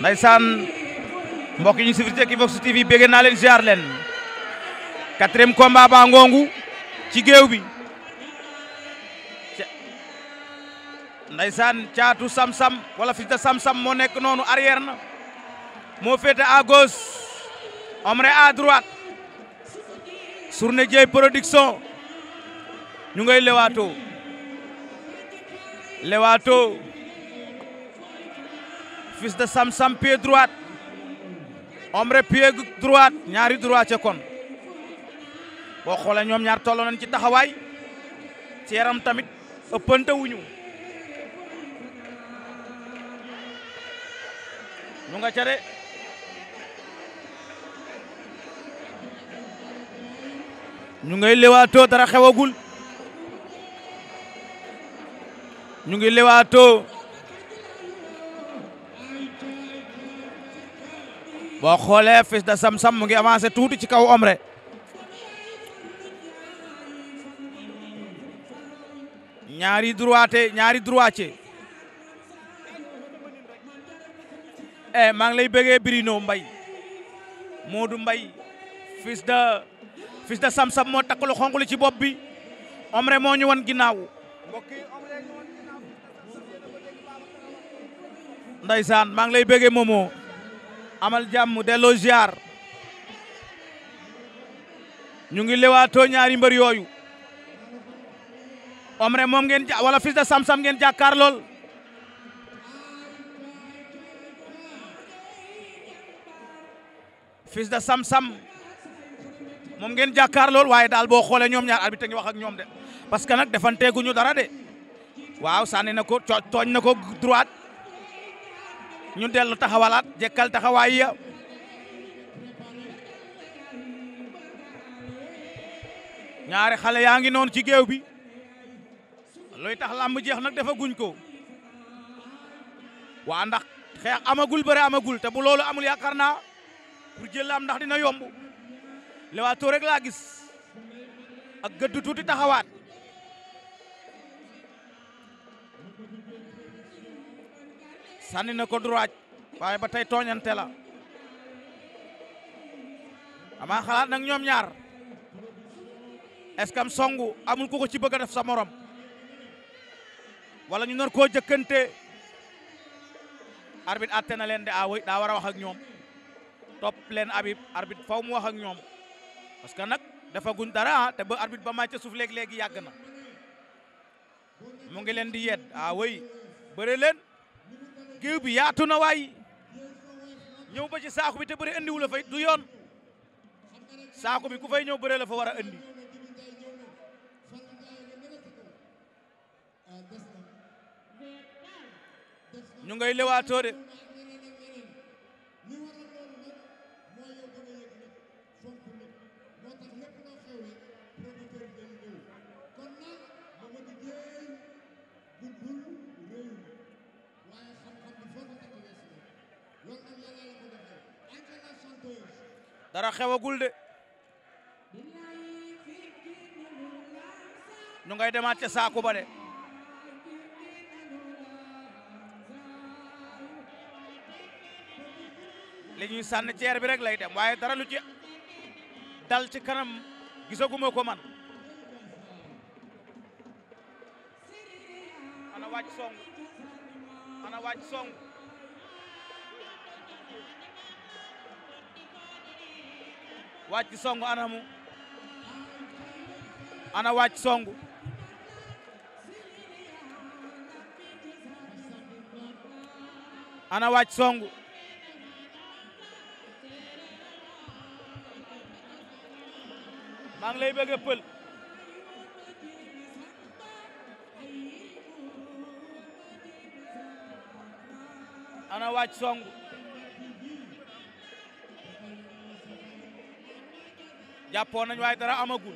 ndaysaan mbokk yi ñu suivre ci Equivox TV bégee naa leen ziar leen quatrième combat ba ci géew bi ndaysaan caatu samsam sam wala fils moo nekk noonu arrière na moo féete à gauche omre à droite Sourné Dieye production ñu ngay lewaato lewaato fils de Sam Sam pied droite Omre pied droite ñaari droite ca boo xoolee ñoom ñaar tolloo ci taxawaay ci yaram tamit ëppante wuñu ñu nga ca de ñu ngay lewaatoo dara xewagul ñu ngi lewaatoo boo xoolee fils de Sam Sam mu ngi avancé tuuti ci kaw Omre ñaari droite ñaari droitier eh maa ngi lay bëggee Birino Mbay Modou Mbay fils de fils Sam Sam moo takk lu ci bopp bi Omre moo ñu wan ginnaaw ndeysaan maa ngi lay bëggee moomo amal jàmm delloo ziar ñu ngi lewaato ñaari mbër yooyu Omre moom ngeen wala Fils de Sam Sam ngeen jàkkaar lool Fils de Sam Sam moom ngeen jàkkaar lool waaye daal boo xoolee ñoom ñaar arbitre ngi wax ak ñoom de parce que nag defanteeguñu dara de waaw sànni na ko tooñ na ko droite ñu dellu taxawalaat jekkal taxawaay ya ñaari xale yaa ngi noonu ci géew bi luy tax làmb jeex nag defaguñ ko waa ndax xeex amagul bëre amagul te bu loolu amul yaakaar naa pour jël laam ndax dina yomb lewaatoo rekk laa gis ak gëdd tuuti taxawaat sànni na ko droit waaye ba tey tooñante la ama xalaat nag ñoom ñaar est-ce que am songu amul ko ci bëgg a def wala ñu nar koo jëkkante arbitre atte na leen de a ah daa war a wax ak ñoom topp leen abib arbitre faw mu wax ak ñoom parce que nag dafa guñ dara ah te ba arbitre ba màcc suuf léegi léegi yàgg na mu ngi leen di yedd a ah woy bëre géew bi yaatu na waay ñëw ba ci saako bi te bëri andiwu la fay du yoon saako bi ku fay ñëw bëre la fa war a andi ñu ngay lewaatoo de dara xewagul de nu ngay demaat ca saaku ba de li ñuy sànni ceer bi rek lay dem waaye dara lu ci dal ci kanam gisaguma ko man ana wàcc song ana wàcc wàcc songu anamu ana wàcc songu ana wàcc songu maa ngi lay bëgg a pël ana wàcc songu jàppoon nañ waaye dara amagul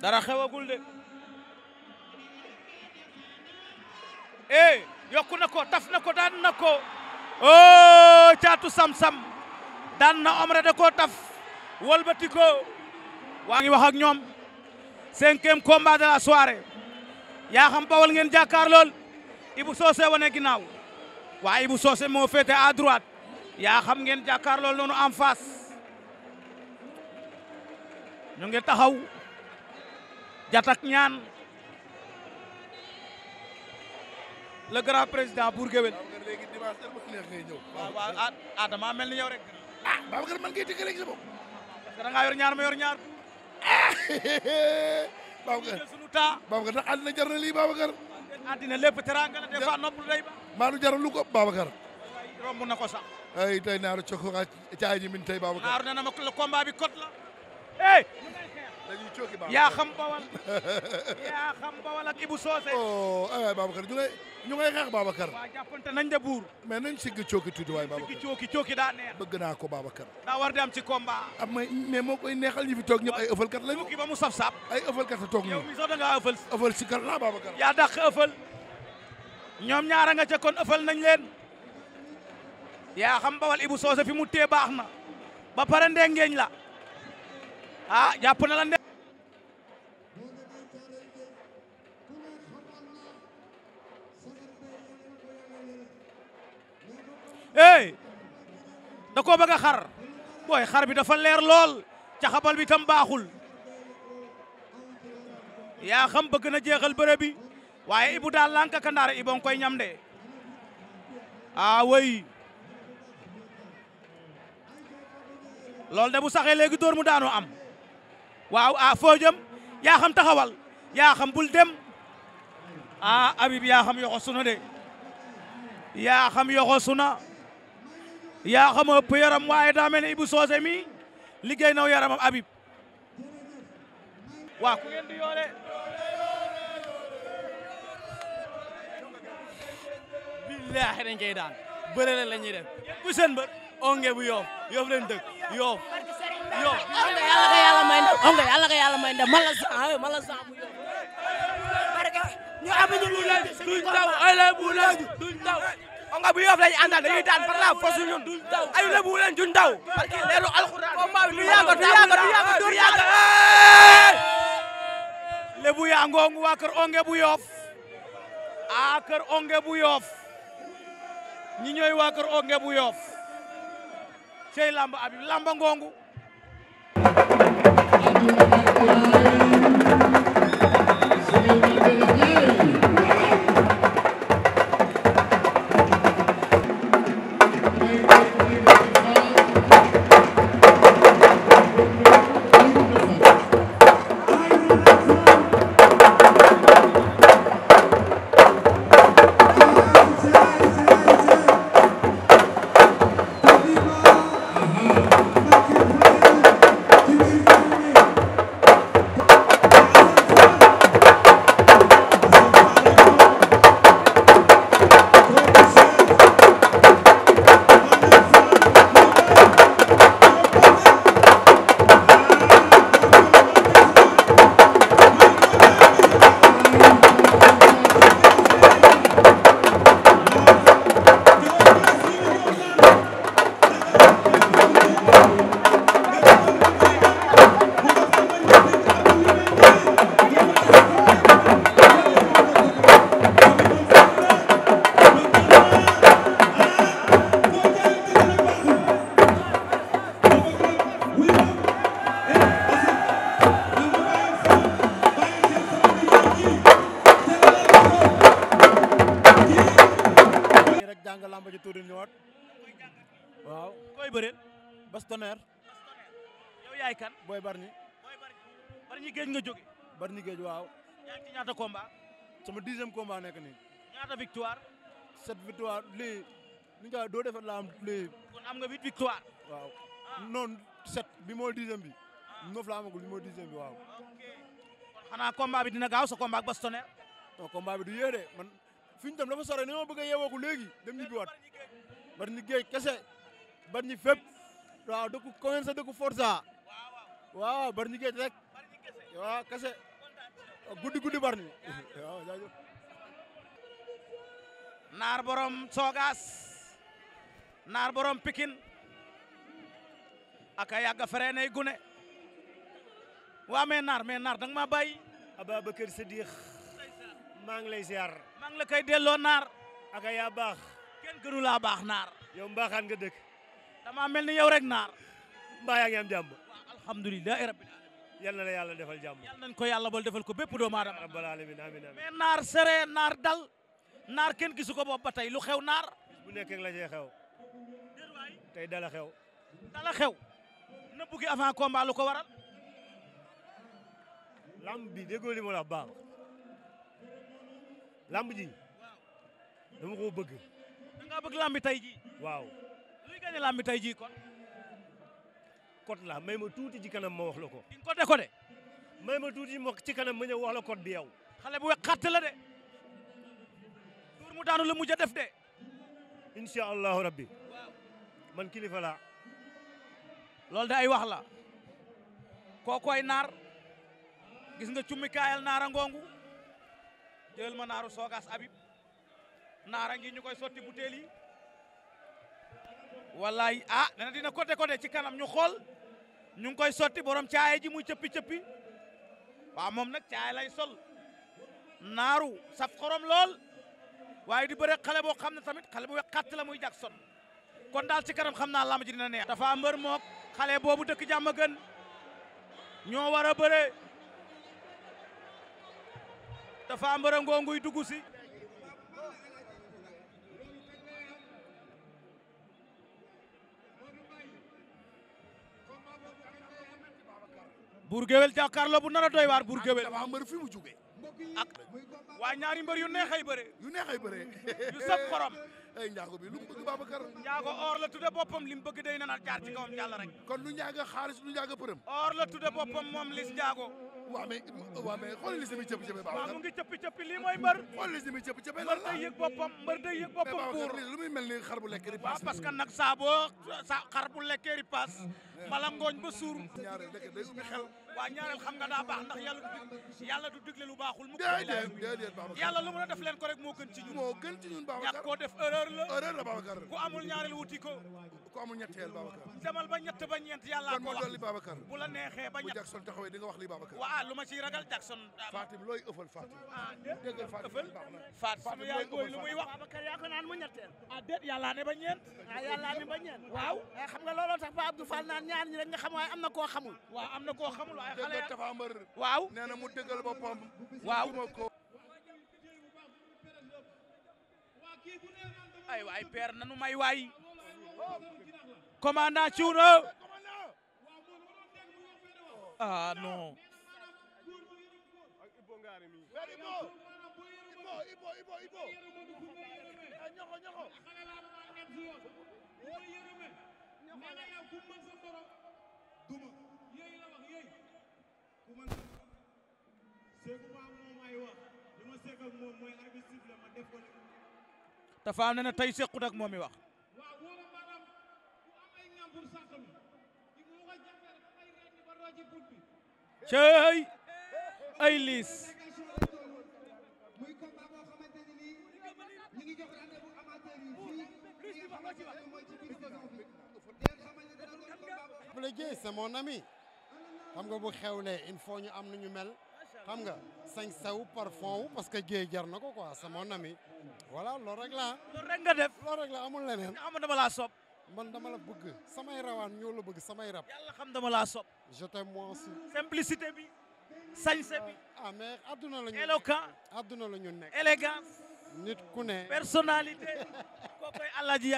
dara xewagul de eh yokku na ko taf na ko daan na ko oh, caatu sam-sam daan na omre da koo taf walbati ko waa ngi wax ak ñoom cinquième combat de la soirée ngeen jàkkaar lool Ibou Socé wane ginnaaw waaye bu soose moo féete à droite yaa xam ngeen jàkkaarloo noonu en face ño ngi taxaw jatak ñaan le grand président Bour Gueweul. waaw waaw ah, ah, mel ni yow rek. ah Babacar man ngay dëgg rek si bopp. parce que da ngaa yor ñaar ma yor ñaar. Babacar ah! Babacar ndax àddina jar na lii Babacar. lépp teraanga la day maa lu jaral lu ko Babacar. romb na ko sax. ay tey naaru coxora caay ji min tey Babacar. naaru nana ma le combat bi kot la. hey. dañuy cooki Babacar yaa xam bawal. yaa xam bawal ak Ibou Socé. oh aywaay Babacar ñu ngay ñu ngay xeex Babacar. waa jàppante nañ de buur. mais nañ sigg cooki tuuti waay Babacar sigg cooki cooki daa neex. bëgg naa ko Babacar. daa war di am ci combat. am may mais moo koy neexal ñi fi toog ñëpp ay ëffalkat lañu. cooki ba mu saf saf. ay ëffalkat a toog ñoom. yow mi sax da ngaa ëffal. ëffal si kat laa Babacar. yaa dàq ëffal. ñoom ñaara nga ca kon ëffal nañ leen yaa xam bawal bu soose fi mu tee baax na ba pare ngeeñ la ah jàpp na la nde hey da koo bëgg a xar booy xar bi dafa leer lool caxabal bi tam baaxul yaa xam bëgg na jeexal bëre waaye Ibou daal lank kandaare Ibou koy ñam de ah way loolu de bu saxee léegi dóor mu daanu am waaw a ah, foo jëm taxawal yaa xam bul dem a ah, Habib yaa xam yoxo suna de yaa xam yoxo suna yaram waaye daa mel ne Ibou Socé mi liggéey naw yaramam Habib waa ku ngeen di yoole billaahi dañ koy daan bëre la ñuy def ku seen bër onge bu yoof yoof leen dëkk yoof yoof onge yàlla ka yàlla may ndam onge yàlla ka yàlla may ndam mala sa mala sa bu yoof barka ñu amuñu lu leen duñ taw ay la bu leen duñ taw onge bu yoof lañu àndal dañuy daan par la force ñun duñ taw ay la bu leen duñ taw parce que leelu alxuraan combat bi du yàgg du yàgg du yàgg du yàgg lebu yaa ngoongu waa kër onge bu yoof a kër onge bu yoof ñi ñooy waa kër Ongué bu Yoff cey lamba lamba ngongu géej nga jóge Bargny géej waaw. yaa ngi ci ñaata combat. sama dixième combat nekk nii. ñaata victoire. sept victoire lii li nga doo defar lii. victoire. waaw ah. non sept bi mooy dixième bi. neuf laa amagul bi mooy dixième bi waaw. ok kon xanaa combat bi dina gaaw sa combat ak Bastonnaire. non combat bi du de man fi ñu dem dafa sore ni ma bëgg a yeewoo ko léegi dem ñibbiwaat. Bargny géej kese Bargny fépp. waaw dëkku Coen sa dëkku Forza. waaw Bargny géej rek. waaw kese guddi guddi bari ni waaw jaajëf naar borom soogaas naar borom pikin aka yàgga fere nay gune waa mais naar mais naar danga ma bàyyi Ababacar Sadikh maa ngi lay ziar maa ngi la koy delloo naar aka yaa baax kenn gënu laa baax naar yow mbaaxaan nga dëkk dama mel ni yow rek naar mbaa yaa ngi am jàmm waaw alhamdulilahi rabbi yal na la yàlla defal jàmm. yal ko yàlla bal defal ko bépp doomu aadama. rabbal alamin amin amin mais naar seree naar dal naar kenn gisu ko bopp ba tey lu xew naar. bu nekkee la cee xew. tey dala xew. dala xew. na buggi avant combat ko waral. lamb bi déggoo li ma la baax lamb ji. dama ko bëgg. da bëgg lamb bi tey jii. waaw. luy gagné lamb tey code la may ma tuuti ci kanam ma wax la ko. di nga ko décoder. may ma tuuti ma ci kanam ma ñëw wax la code bi yow. xale bu wex xatt la de. tuur mu daanu la mujj a def de. incha allahu rabbi man kilifa laa. loolu de ay wax la. kookooy naar. gis nga cummi kaayal naara ngongu. jël ma naaru soogaas abib. naara ngi ñu koy sotti butéel yi. a ah dana dina côté côté ci kanam ñu xool. ñu ngi koy sotti borom caaye ji muy cëppi cëppi waaw moom nag caaye lay sol naaru saf xorom lool waaye di bëre xale boo xam ne tamit xale bu we xatt la muy Jackson kon daal ci kanam xam naa lamb ji dina neex dafa mbër mook xale bu dëkk jàmm gën ñoo war a bëre dafa mbër a ngoonguy dugg si buur géwél jàkkaarloo bu nar a doy waar buur géwél dafa mbër fi mu jugee ak waa ñaari mbër yu neexay bëre yu neexay bëre yu saf xorom ay njaago bi lu mu bëgg Babacar njaago or la tudde boppam li mu bëgg day nanaat jaar ci kawam jàll rek kon lu njaaga xaalis lu njaaga përëm or la tudde boppam moom lis njaago waa mais waa mais xool li si muy cëpp-cëppe Babacar mu ngi cëpp-cëpp lii mooy mbër xool li si muy cëpp-cëppe mbër day yëg boppam mbër day yëg boppam pour lu muy mel ni xar bu lekkee ripaas parce que nag saa boo sa xar bu lekkee ripaas mbala ngooñ ba suur ñaare lekk day ubbi xel waa ñaareel xam nga daa baax ndax yàlla du yàlla digle lu baaxul mu déedéet déedéet Babacar yàlla lu mu la def leen ko rek moo gën ci ñun moo gën ci ñun Babacar ñàkk koo def erreur la erreur la Babacar ku amul ñaareel wuti ko ku amul ñetteel Babacar demal ba ñett ba ñeent yàlla ko wax kon moo dolli Babacar bu la neexee ba ñett bu Jackson taxawee di nga wax li Babacar waa lu ma ciy ragal Jackson Fatim looy ëffal Fatim ah, déggal Fatim Fatim yaay gooy lu muy wax Babacar yaa ko naan mu ñetteel ah déet ne ba ñeent ah, ba ñeent waaw eh, xam nga looloo tax ba Abdou Fall naan ñaar ñi rek nga na koo xamul waaw am na koo xamul dëgg Tapha Mbeur waaw nee mu dëggal boppam waaw ay waay père nanu may waay commandant Thiouna ah non ak moom mooy na tey sequt ak moom i wax waaw woo ma maanaam ku am ngi jox rendez nga xamante ne mooy ci biir xam nga bu xewlee il faut am nu ñu mel xam nga sañ saw par fond wu parce que géej jar na ko quoi sama nami ah. voilà loolu rek laa. loolu rek nga def loolu rek la amul leneen. nga dama laa sopp. man dama la bëgg samay rawaan ñoo la bëgg samay rab. yàlla xam dama laa sopp. je t'aime moi bi. sañse bi. ah, ah mais la ñu. éloquent adduna la ñu nekk. élégance. nit ku ne. personnalité. kookoy Alaaji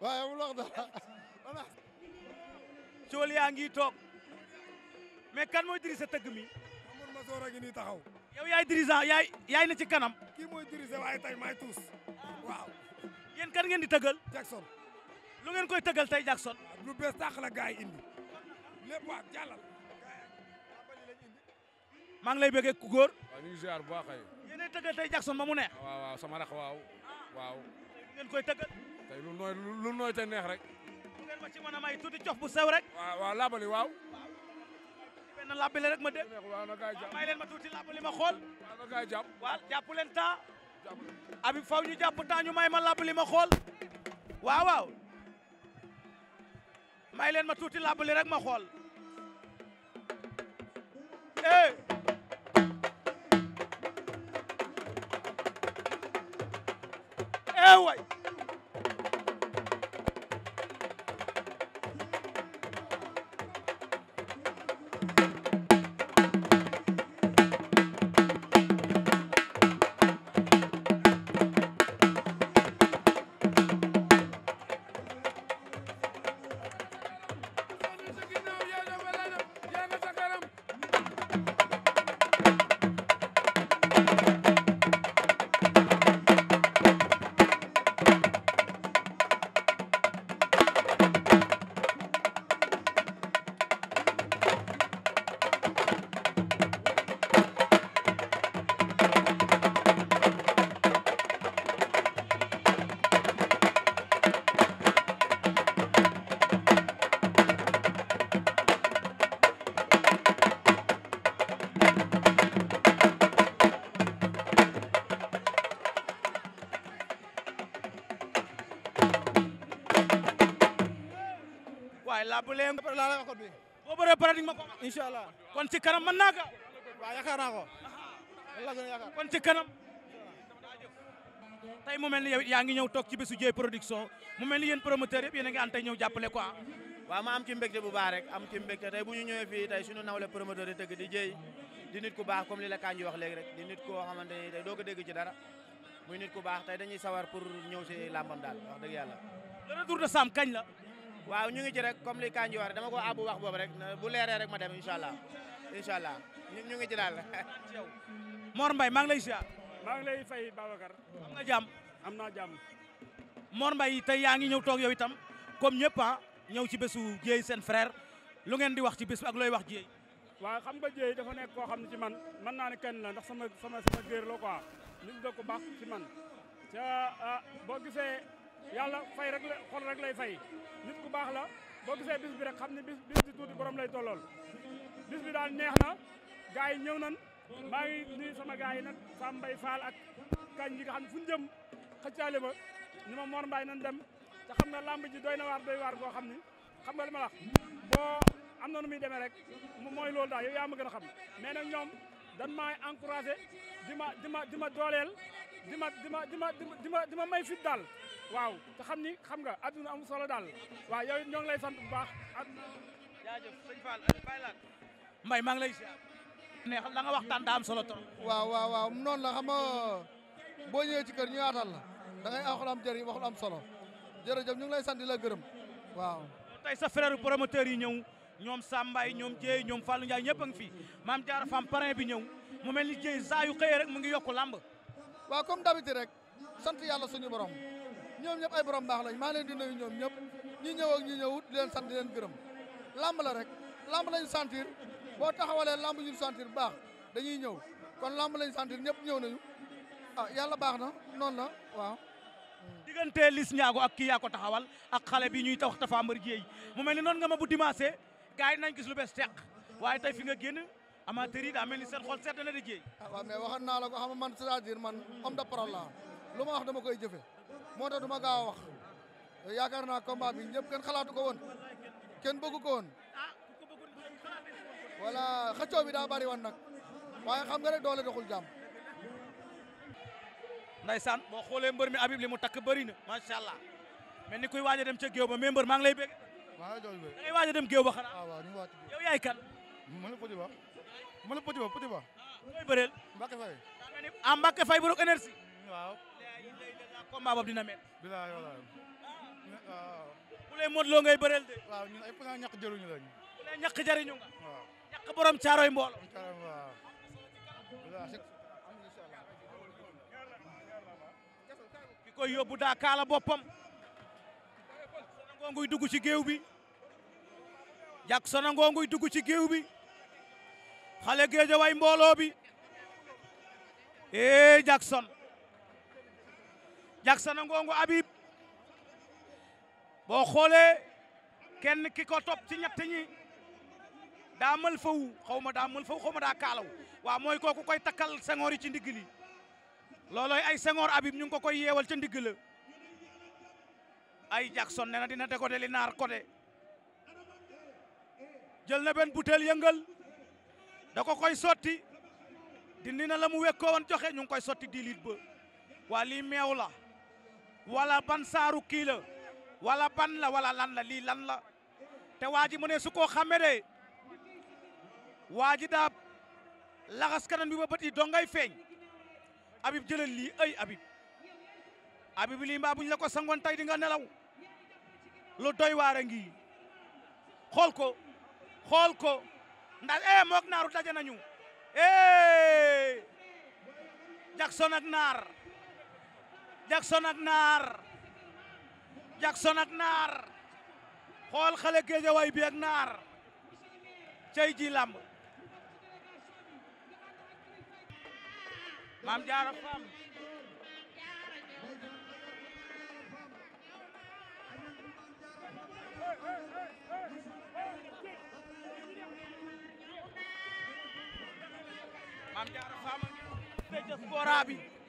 waaye bu lox dara voilà. ngi toog mais kan mooy diri tëgg mi. Trésor a ngi nii taxaw. yow yaay dirigeant yaay yaay na ci kanam. kii mooy diriger waaye tey maay tuus waaw. yéen kan ngeen di tëggal. Jackson. lu ngeen koy tëggal tey Jackson. lu bees tax la gars yi indi. lépp ngi lay bëggee ku góor. waaw ñu ngi ziar bu baax ay. mu neex. waaw waaw sama rax waaw. waaw. ngeen koy tëggal. tey lu nooy lu nooy te neex rek. bu ngeen ma ci mën may tuuti cof bu sew rek. waaw laabali waaw. benn làbbi la rek ma dégg. waaw na kaay may leen ma tuuti làbb li ma xool. waaw na kaay jàpp. waaw leen temps. jàpp ñu jàpp temps ñu may ma làbb li ma xool. waaw waaw. may leen ma tuuti làbb li rek ma xool. eh. eh làmb leen ko la la ko bi boo bëree kon ci kanam man naa ko waaw yaakaar naa ko wallahi a kon ci kanam tey mu mel ni yaa ngi ñëw toog ci bisu Dieye production mu mel ni yéen promoteur yëpp yéen a ngi ànd tey ñëw ko quoi waaw ma am ci mbégte bu baax rek am ci mbégte tey bu ñu ñëwee fii tey suñu nawle promoteur yi tëgg di Dieye di nit ku baax comme li la Kandji wax léegi rek di nit koo xamante ni tey doo ko dégg ci dara muy nit ku baax tey dañuy sawar pour ñëw si làmbam daal wax dëgg yàlla waaw ñu ngi rek comme li Kandji wax dama ko àbbu wax boobu rek bu leeree ma dem incha allah incha allah ñu ngi ci daal. Mor Mbaye maa ngi lay ziar. maa ngi lay fay Babacar. am nga jàmm am naa jàmm. Mor Mbaye tey yaa ngi ñëw toog yow itam comme ñëpp ah ñëw ci bésu Dieye seen frère lu ngeen di wax ci bés bi ak looy wax Dieye. waaw xam nga Dieye dafa nekk koo xam ne ci man mën naa ne kenn la ndax sama sama sama géer la quoi nit da ko baax ci man ca ah, boo gisee. yàlla fay rek la xol rek lay fay nit ku baax la boo gisee bis bi rek xam ne bis bis di tuuti borom lay tollool bis bi daal neex na gars yi ñëw nan maa ngi nuyu sama gars yi nag Sam Mbaye Fall ak kañ yi nga xam ne fu ñu jëm xëccaale ma ni ma Mor Mbaye nan dem te xam nga lamb ji doy na waar doy waar boo xam ni xam nga li ma wax boo am na nu muy demee rek mooy loolu daal yow yaa ma gën a xam mais nag ñoom dan maa encouragé di ma di ma di ma dooleel di ma di ma di ma di ma di ma may fit daal waaw te xam ni xam nga adduna am solo daal waa yow it lay sant bu baax adduna. jaajëf sëñ Fall bàyyi laat Mbaye maa ngi lay ziar. ne xam la nga waxtaan daa am solo trop. waaw waaw waaw noonu la xam nga boo ñëwee ci kër ñu yaatal la da ngay wax lu am wax lu am solo jërëjëf ñu lay sant di la gërëm waaw. tey sa frère promoteur yi ñëw ñoom Sambaay ñoom Dieye ñoom Fallou Ndiaye ñëpp a ngi fi maam Diarra Fam parrain bi ñëw mu mel ni Dieye saa yu xëyee rek mu ngi yokku lamb. waaw comme d'habitude rek sant yàlla suñu borom. ñoom ñëpp ay borom baax lañ maa leen di nuyu ñoom ñëpp ñi ñëw ak ñi ñëwut di leen leen gërëm làmb la rek lamb lañ sentir boo taxawalee làmb ñu sentir baax dañuy ñëw kon làmb lañ sentir ñëpp ñëw nañu a ah, yàlla baax na noonu la waaw. diggante Liss Ndiago ak kii yaa ko taxawal ak xale bi ñuy tax Tapha Mbeur Dieye mu mel ni noonu nga ma bu dimanche gars yi nañ gis lu bees teq waaye tey fi nga génn amateur yi daa mel ni seen xol sedd na di Dieye. ah waaw mais waxoon naa la ko xam man cest man homme de la lu ma wax koy jëfee. moo ta du ma a wax yakar naa combat bi ñëpp kenn xalaatu ko woon kenn bëggu ko woon voilà xëccoo bi daa bari woon nag waaye xam nga rek doole doxul jàmm. ndaysaan boo xoolee mbër mi Habib li mu takk bëri na macha allah mel ni kuy waaj dem ca géew ba mais mbër maa ngi lay bégg. maa ngi lay da ngay waaj a dem géew ba xanaa. Ah, combat boobu dina métti. bilaay walaay. waaw. Ah. de. waaw ñun borom caaroy mboolo. waaw. ki koy yóbbu daa kaala boppam. sonangoo nguy dugg ci géew bi. jak sonangoo nguy dugg ci géew bi. xale géeja way mbooloo bi. eh Jackson. Jackson a ngoongu Habib boo xoolee kenn ki ko topp ci ñett ñi daa mël faw xaw ma daa mël faw xaw ma daa kaalaw waa mooy ku koy takkal sengoor yi ci ndigg li loolooy ay sengoor Habib ñu ngi ko koy yeewal ci ndigg ay Jackson nee dina décoder li naar côté jël na benn butéel yëngal da ko koy sotti dindi na la mu wekkoo joxe ñu ngi koy sotti di lit ba waa lii meew la wala ban saaru kii la walla ban la wala lan la lii lan la te waa ji mu ne su koo xame de waa ji laxas laxas kanam bi ba bët yi dongay feeñ Habib jëlal lii ay Habib abib lii mbaa la ko sangoon tey di nga nelaw lu doy waar a xool ko xool ko ndax eh moog naaru daje nañu eh Jackson ak naar Jackson ak naar Jackson ak naar xool xale géejawaay bi ak naar cey ji làmb maam jaara faam maam jaara faam a ngi tëj spora bi